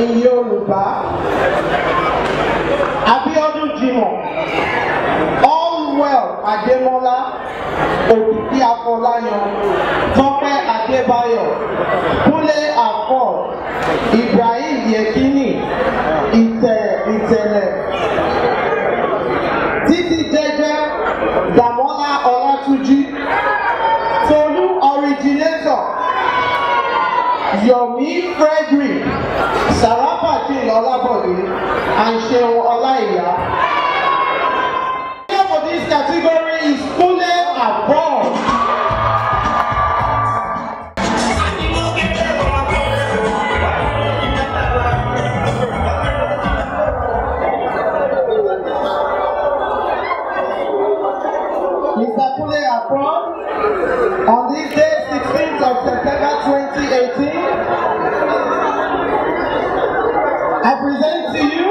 ẹ̀yin Yorùbá Abíọ́dún Jimoh Allwell Adémọ́lá Òkìkí Afọláyan Tọ́pẹ́ Adébáyọ̀ Kúnlé Afọ Ibrahim. Your Yomi Frederick Sarapati Ọlábọ̀dé and Ṣeun Ọláyẹ. Mr. Kule Akron on this day, 16th of September 2018. I present to you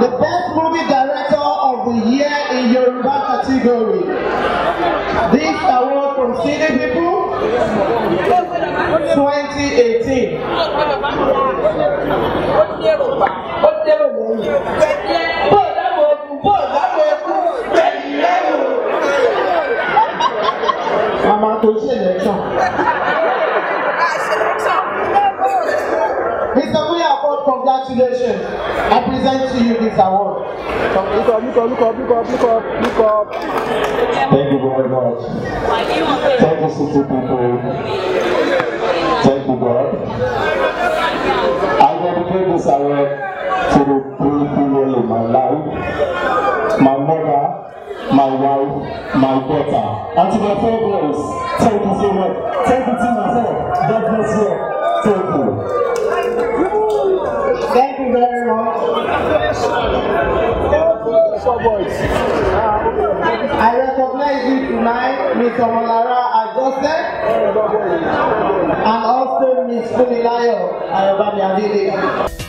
the best movie director of the year in Yoruba category. This award from City People 2018. But àtòsí election. Mr. Muyabod, congratulations. I present to you this award. Look up, look up, look up, look up, look up, look up. Thank you very much. Thank you, city people. Thank you, God. I dedicate this award to the people in my life, my mother, my wife my daughter. And to my four girls, thank you so much. Thank you to myself. God bless you. Thank you. Thank you very much. I recognize you tonight, Mr. Molara Ajose, and also Ms. Funilayo Ayobami Adele.